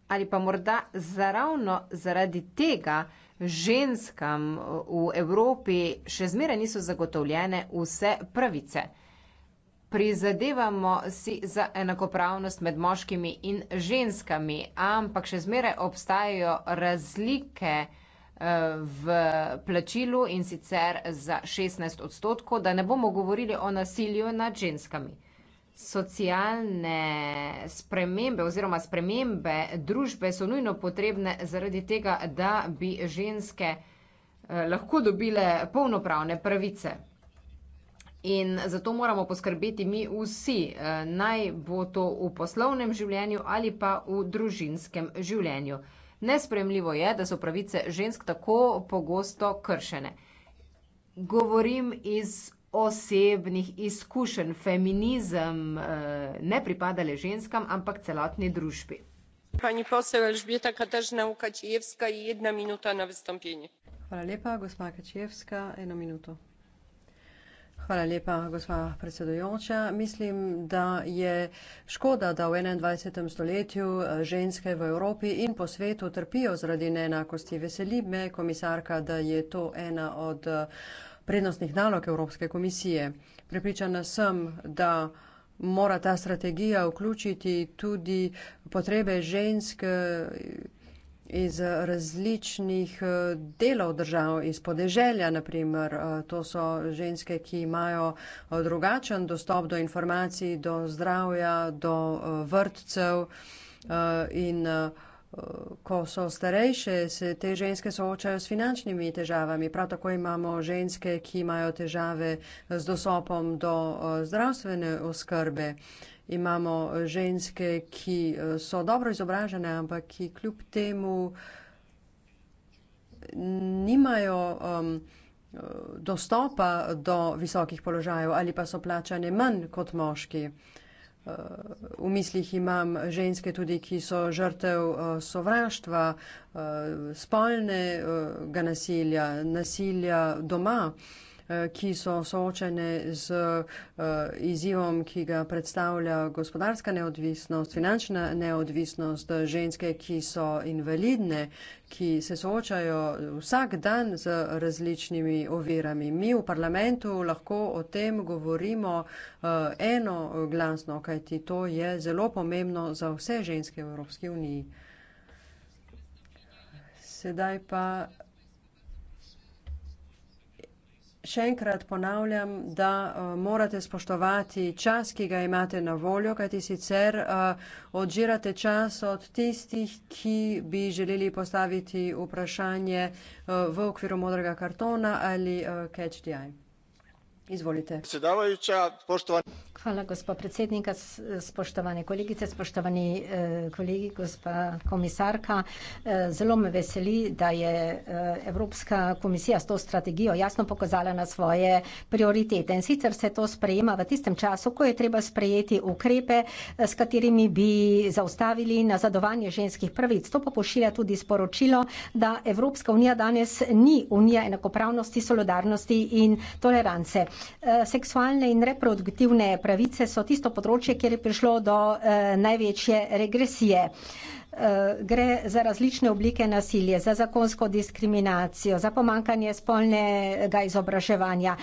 ali pa morda zaravno zaradi tega ženskam v Evropi še zmeraj niso zagotovljene vse pravice. Prizadevamo si za enakopravnost med moškimi in ženskami, ampak še zmeraj obstajajo razlike v plačilu in sicer za 16 odstotkov, da ne bomo govorili o nasilju nad ženskami. Socialne spremembe oziroma spremembe družbe so nujno potrebne zaradi tega, da bi ženske eh, lahko dobile polnopravne pravice. In zato moramo poskrbeti mi vsi, eh, naj bo to v poslovnem življenju ali pa v družinskem življenju. Nespremljivo je, da so pravice žensk tako pogosto kršene. Govorim iz osebnih izkušenj. Feminizem eh, ne pripada le ženskam, ampak celotni družbi. Pani posel Elžbieta Katažna Ukačijevska, ena minuta na vstopljenje. Hvala lepa, gospa Kačijevska, eno minuto. Hvala lepa, gospa predsedujoča. Mislim, da je škoda, da v 21. stoletju eh, ženske v Evropi in po svetu trpijo zaradi neenakosti. Veseli me, komisarka, da je to ena od eh, prednostnih nalog Evropske komisije. Pripričana sem, da mora ta strategija vključiti tudi potrebe žensk eh, iz eh, različnih eh, delov držav, iz podeželja, naprimer. Eh, to so ženske, ki imajo drugačen dostop do informacij, do zdravja, do vrtcev. In ko so starejše, se te ženske soočajo s finančnimi težavami. Prav tako imamo ženske, ki imajo težave z dostopom do zdravstvene oskrbe imamo eh, ženske, ki eh, so dobro izobražene, ampak ki kljub temu nimajo um, dostopa do visokih položajev ali pa so plačane manj kot moški. V mislih imam ženske tudi, ki so žrtev sovraštva, spolnega nasilja, nasilja doma. Eh, ki so soočene z eh, izzivom, ki ga predstavlja gospodarska neodvisnost, finančna neodvisnost, ženske, ki so invalidne, ki se soočajo vsak dan z različnimi ovirami. Mi v parlamentu lahko o tem govorimo eh, eno glasno, kajti to je zelo pomembno za vse ženske v Evropski uniji. Sedaj pa še enkrat ponavljam, da uh, morate spoštovati čas, ki ga imate na voljo, kajti sicer uh, odžirate čas od tistih, ki bi želeli postaviti vprašanje uh, v okviru modrega kartona ali uh, catch the eye. Izvolite. Predsedavajoča, spoštovani. Hvala, gospod predsednika, spoštovane kolegice, spoštovani eh, kolegi, gospa komisarka. Eh, zelo me veseli, da je eh, Evropska komisija s to strategijo jasno pokazala na svoje prioritete. In sicer se to sprejema v tistem času, ko je treba sprejeti ukrepe, s katerimi bi zaustavili nazadovanje ženskih pravic. To pa pošilja tudi sporočilo, da Evropska unija danes ni unija enakopravnosti, solidarnosti in tolerance. Seksualne in reproduktivne pravice pravice so tisto področje, kjer je prišlo do eh, največje regresije. Eh, gre za različne oblike nasilja, za zakonsko diskriminacijo, za pomankanje spolnega izobraževanja.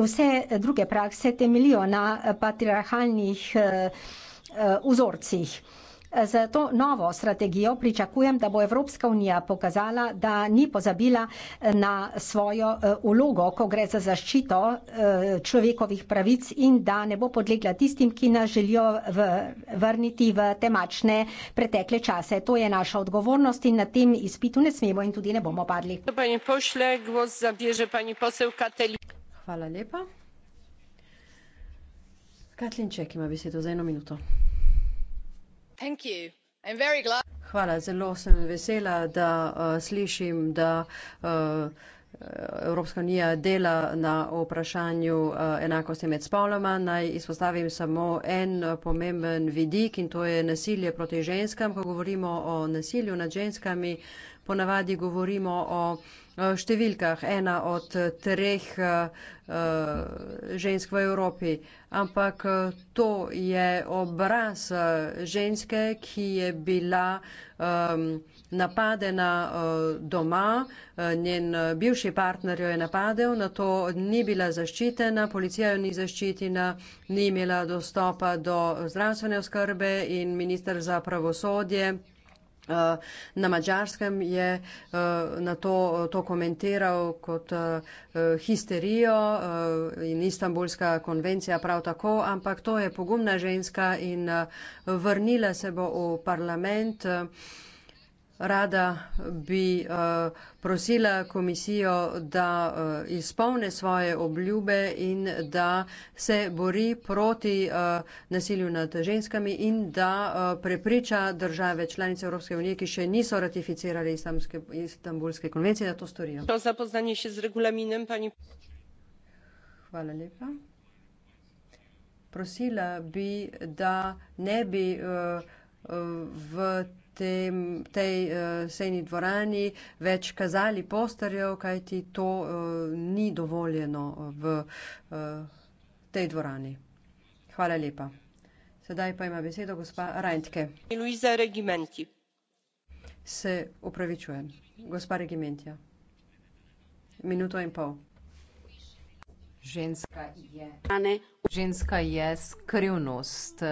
Vse druge prakse temelijo na eh, patriarhalnih vzorcih. Uh, uh, Z to novo strategijo pričakujem, da bo Evropska unija pokazala, da ni pozabila na svojo ulogo, e, ko gre za zaščito e, človekovih pravic in da ne bo podlegla tistim, ki nas želijo v, vrniti v temačne pretekle čase. To je naša odgovornost in na tem izpitu ne smemo in tudi ne bomo padli. Hvala lepa. Katlinček ima besedo za eno minuto. Hvala. Zelo sem vesela, da uh, slišim, da uh, Evropska unija dela na vprašanju uh, enakosti med spoloma. Naj izpostavim samo en pomemben vidik in to je nasilje proti ženskam. Ko govorimo o nasilju nad ženskami, ponavadi govorimo o. Eh, številkah, ena od eh, treh eh, žensk v Evropi. Ampak to je obraz ženske, ki je bila ehm, napadena doma, njen bivši partner jo je napadel, na to ni bila zaščitena, policija jo ni zaščitena, ni imela dostopa do zdravstvene oskrbe in minister za pravosodje. Eh, na mačarskem je eh, na to, to komentiral kot eh, histerijo in istambulska konvencija prav tako, ampak to je pogumna ženska in vrnila se bo v parlament rada bi eh, prosila komisijo, da eh, izpolne svoje obljube in da se bori proti eh, nasilju nad ženskami in da prepriča države članice Evropske unije, ki še niso ratificirali Istanbulske konvencije, da to storijo. Hvala lepa. Prosila bi, da ne bi v tem, tej uh, sejni dvorani več kazali posterjev, kajti to uh, ni dovoljeno v uh, tej dvorani. Hvala lepa. Sedaj pa ima besedo gospa Rajntke. Luiza Regimenti. Se upravičujem. Gospa Regimentja. Minuto in pol. Ženska je, ženska je skrivnost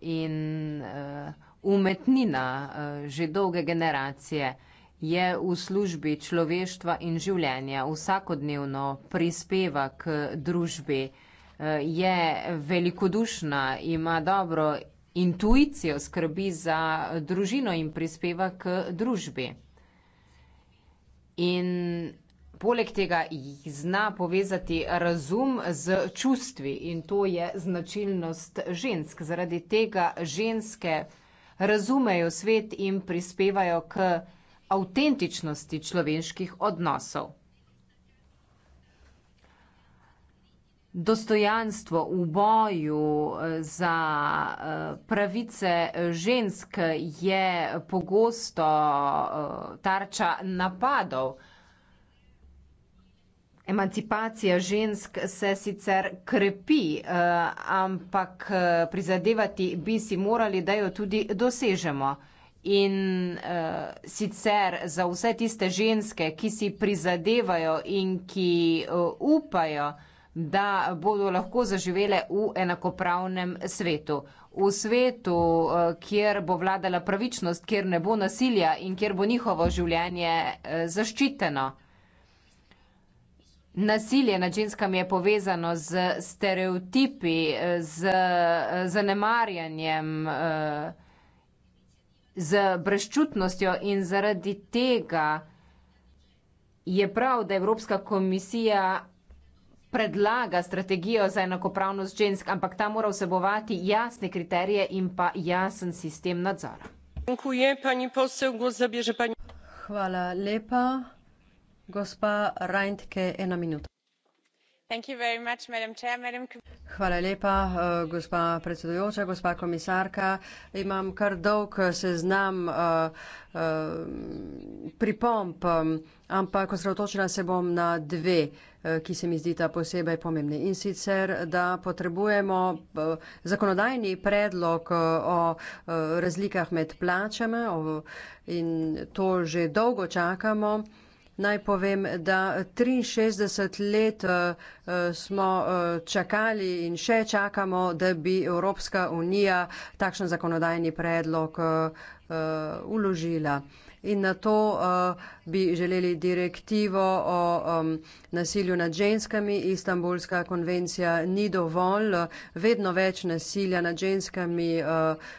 in uh, umetnina eh, že dolge generacije je v službi človeštva in življenja, vsakodnevno prispeva k družbi, eh, je velikodušna, ima dobro intuicijo, skrbi za družino in prispeva k družbi. In poleg tega jih zna povezati razum z čustvi in to je značilnost žensk, zaradi tega ženske razumejo svet in prispevajo k avtentičnosti človeških odnosov. Dostojanstvo v boju eh, za eh, pravice žensk je pogosto eh, tarča napadov. Emancipacija žensk se sicer krepi, eh, ampak eh, prizadevati bi si morali, da jo tudi dosežemo. In uh, sicer za vse tiste ženske, ki si prizadevajo in ki uh, upajo, da bodo lahko zaživele v enakopravnem svetu. V svetu, uh, kjer bo vladala pravičnost, kjer ne bo nasilja in kjer bo njihovo življenje uh, zaščiteno. Nasilje nad ženskami je povezano z stereotipi, z zanemarjanjem, eh, z brezčutnostjo in zaradi tega je prav, da Evropska komisija predlaga strategijo za enakopravnost žensk, ampak ta mora vsebovati jasne kriterije in pa jasen sistem nadzora. Hvala lepa. Eh, gospa predsedujoča gospa komisarka imam kar dolg eh, seznam eh, pripomb ampak osredotočila se bom na dve ki se mi zdita posebej pomembni in sicer da potrebujemo zakonodajni predlog o razlikah med plačami in to že dolgo čakamo Naj povem, da 63 let eh, smo eh, čakali in še čakamo, da bi Evropska unija takšen zakonodajni predlog eh, uložila in na to uh, bi želeli direktivo o um, nasilju nad ženskami. Istanbulska konvencija ni dovolj. Vedno več nasilja nad ženskami uh,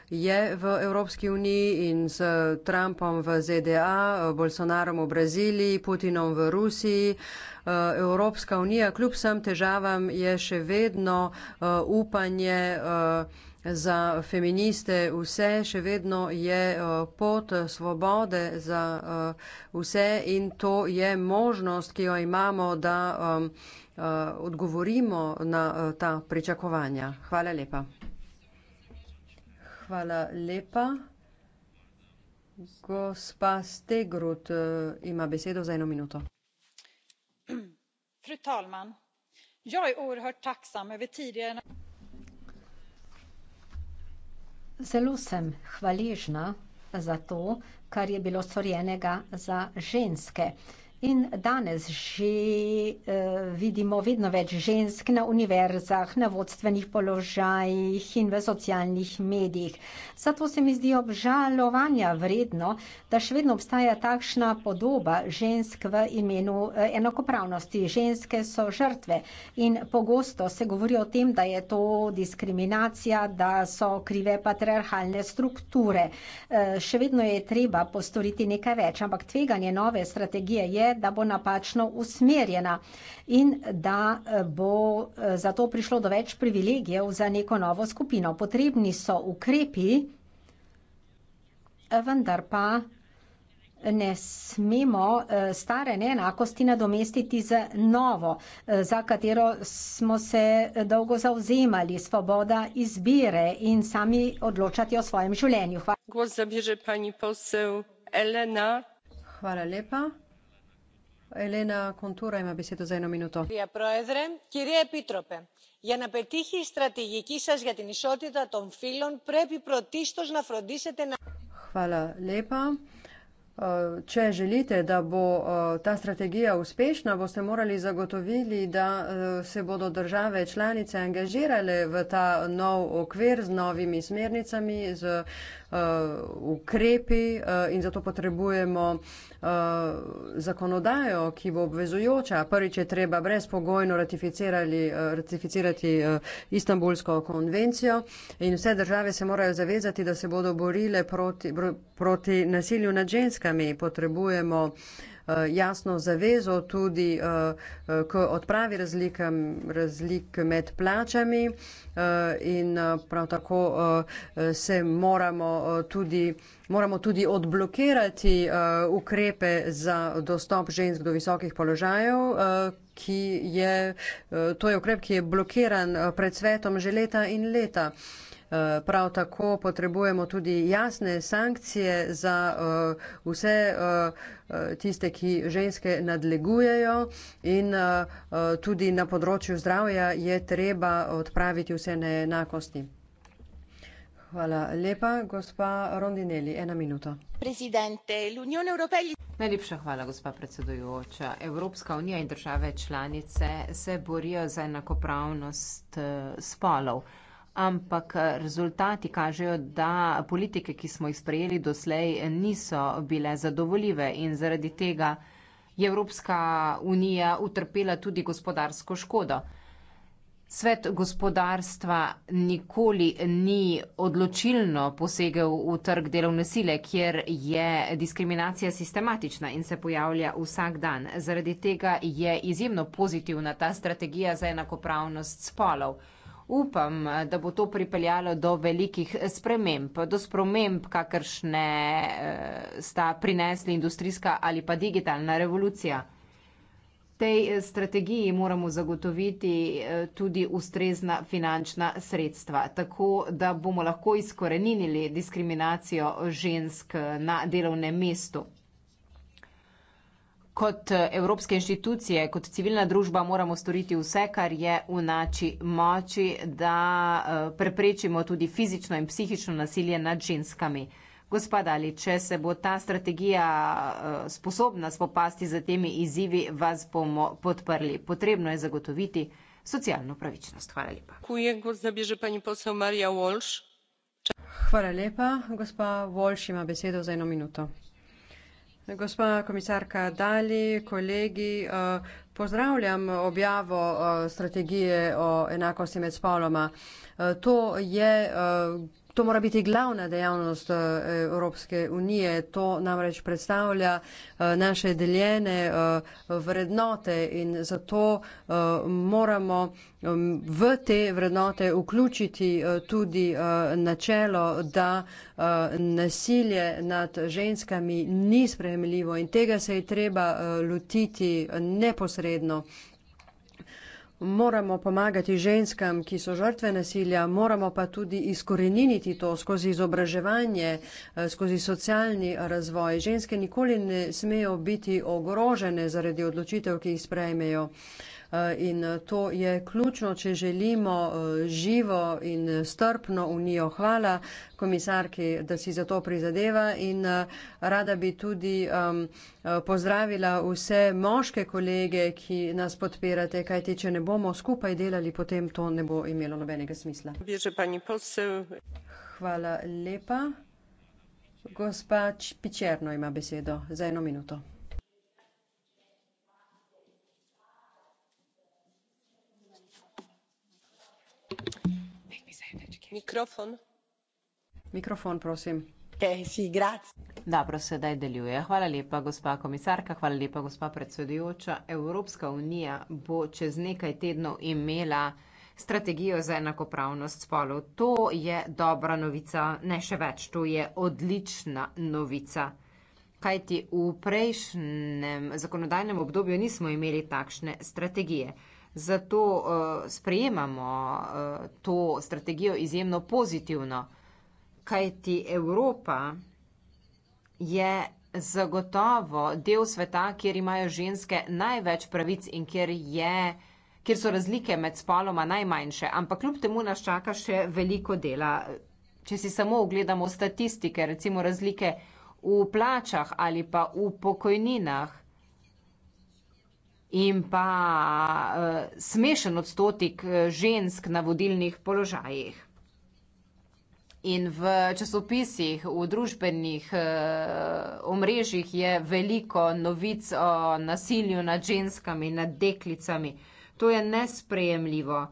je v Evropski uniji in s Trumpom v ZDA, uh, Bolsonarom v Braziliji, Putinom v Rusiji. Uh, Evropska unija kljub vsem težavam je še vedno uh, upanje. Uh, za feministe vse še vedno je eh, pot svobode za eh, vse in to je možnost, ki jo imamo, da um, eh, odgovorimo na ta pričakovanja. Hvala lepa. Hvala lepa. Gospa Stegrut ima besedo za eno minuto. Fru talman, jaz sem izjemno hvaležna za tidigare. Zelo sem hvaležna za to, kar je bilo storjenega za ženske. In danes že eh, vidimo vedno več žensk na univerzah, na vodstvenih položajih in v socialnih medijih. Zato se mi zdi obžalovanja vredno, da še vedno obstaja takšna podoba žensk v imenu eh, enakopravnosti. Ženske so žrtve in pogosto se govori o tem, da je to diskriminacija, da so krive patriarhalne strukture. Eh, še vedno je treba postoriti nekaj več, ampak tveganje nove strategije je, da bo napačno usmerjena in da eh, bo eh, zato prišlo do več privilegijev za neko novo skupino. Potrebni so ukrepi, eh, vendar pa ne smemo stare neenakosti nadomestiti z novo, za katero smo se dolgo zauzemali, svoboda izbire in sami odločati o svojem življenju. Hvala. Głos zabierze pani poseł Elena. Hvala lepa. Elena Contura ima besedo za eno minuto. Kyrie Proedre, κύριε Επίτροπε, για να πετύχει η στρατηγική σα για την ισότητα των φύλων, πρέπει πρωτίστω να φροντίσετε να. Hvala lepa. Če želite, da bo ta strategija uspešna, boste morali zagotovili, da e, se bodo države članice angažirale v ta nov okvir z novimi smernicami, z e, ukrepi e, in zato potrebujemo. Eh, zakonodajo, ki bo obvezujoča. Prvič je treba brezpogojno eh, ratificirati, uh, eh, ratificirati uh, Istanbulsko konvencijo in vse države se morajo zavezati, da se bodo borile proti, bro, proti nasilju nad ženskami. Potrebujemo uh, Eh, jasno zavezo tudi eh, eh, k odpravi razlikam, razlik med plačami in prav tako se moramo tudi, moramo tudi odblokirati ukrepe za dostop žensk do visokih položajev, ki je, to je ukrep, ki je blokiran pred svetom že leta in leta. Eh, prav tako potrebujemo tudi jasne sankcije za eh, vse eh, tiste, ki ženske nadlegujejo in tudi na področju zdravja je treba odpraviti vse neenakosti. Hvala lepa. Gospa Rondinelli, ena minuta. Najlepša hvala, gospa predsedujoča. Evropska unija in države članice se borijo za enakopravnost spolov ampak rezultati kažejo, da politike, ki smo jih sprejeli doslej, niso bile zadovoljive in zaradi tega je Evropska unija utrpela tudi gospodarsko škodo. Svet gospodarstva nikoli ni odločilno posegel v trg delovne sile, kjer je diskriminacija sistematična in se pojavlja vsak dan. Zaradi tega je izjemno pozitivna ta strategija za enakopravnost spolov upam, da bo to pripeljalo do velikih sprememb, do sprememb, kakršne eh, sta prinesli industrijska ali pa digitalna revolucija. Tej eh, strategiji moramo zagotoviti eh, tudi ustrezna finančna sredstva, tako da bomo lahko izkorenili diskriminacijo žensk na delovnem mestu kot eh, evropske inštitucije, kot civilna družba moramo storiti vse, kar je v nači moči, da eh, preprečimo tudi fizično in psihično nasilje nad ženskami. Gospoda, ali če se bo ta strategija eh, sposobna spopasti z temi izzivi, vas bomo podprli. Potrebno je zagotoviti socialno pravičnost. Hvala lepa. Hvala lepa. Gospa Volš ima besedo za eno minuto. Gospa komisarka Dali, kolegi, eh, pozdravljam objavo eh, strategije o enakosti med spoloma. Eh, to je To mora biti glavna dejavnost eh, Evropske unije, to namreč predstavlja eh, naše deljene eh, vrednote in zato moramo v te vrednote vključiti tudi načelo, da nasilje nad ženskami ni sprejemljivo in tega se je treba lotiti neposredno moramo pomagati ženskam, ki so žrtve nasilja, moramo pa tudi izkoreniniti to skozi izobraževanje, eh, skozi socialni razvoj. Ženske nikoli ne smejo biti ogrožene zaradi odločitev, ki jih sprejmejo. Eh, in eh, to je ključno, če želimo eh, živo in strpno unijo. Hvala komisarki, da si za to prizadeva in rada bi tudi um, pozdravila vse moške kolege, ki nas podpirate, kajti če ne bomo skupaj delali, potem to ne bo imelo nobenega smisla. Hvala lepa. Gospa Pičerno ima besedo za eno minuto. Eh, hvala lepa, gospa komisarka, hvala lepa, gospa predsedujoča. Evropska unija bo čez nekaj tednov imela strategijo za enakopravnost spolov. To je dobra novica, ne, še več, to je odlična novica. Kajti v prejšnjem zakonodajnem obdobju nismo imeli takšne strategije. Zato uh, sprejemamo uh, to strategijo izjemno pozitivno, kajti Evropa je zagotovo del sveta, kjer imajo ženske največ pravic in kjer, je, kjer so razlike med spoloma najmanjše. Ampak kljub temu nas čaka še veliko dela. Če si samo ogledamo statistike, recimo razlike v plačah ali pa v pokojninah, in pa uh, smešen odstotek eh, žensk na vodilnih položajih. In v časopisih, v družbenih uh, omrežjih je veliko novic o nasilju nad ženskami, nad deklicami. To je nesprejemljivo.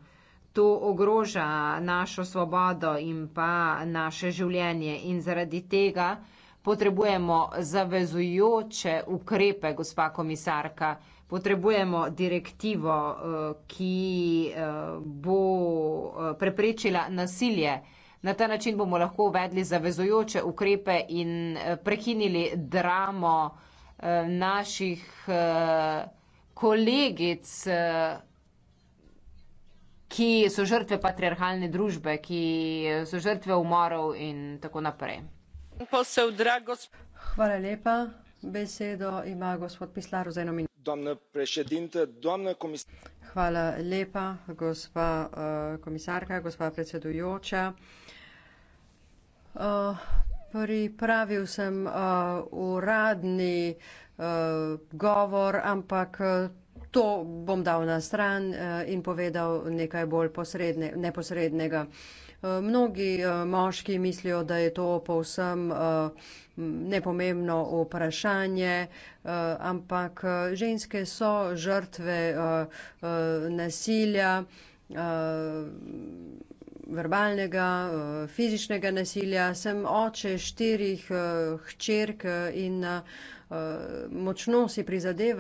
To ogroža našo svobodo in pa naše življenje in zaradi tega potrebujemo zavezujoče ukrepe, gospa komisarka. Uh, potrebujemo direktivo, eh, ki eh, bo eh, preprečila nasilje. Na ta način bomo lahko uvedli zavezojoče ukrepe in prekinili dramo naših kolegic, ki so žrtve patriarhalne družbe, ki so žrtve umorov in tako naprej. Hvala lepa besedo ima gospod pislar za eno minuto. Doamnă președintă, doamnă comis- Hvala lepa, gospa uh, komisarka, gospa predsedujoča. Uh, pripravil sem uh, uradni uh, govor, ampak to bom dal na stran uh, in povedal nekaj bolj posredne, neposrednega. Uh, Mnogi eh, moški mislijo, da je to povsem eh, nepomembno vprašanje, eh, ampak ženske so žrtve nasilja, verbalnega, fizičnega nasilja. Sem oče štirih hčerk in močno si prizadeva.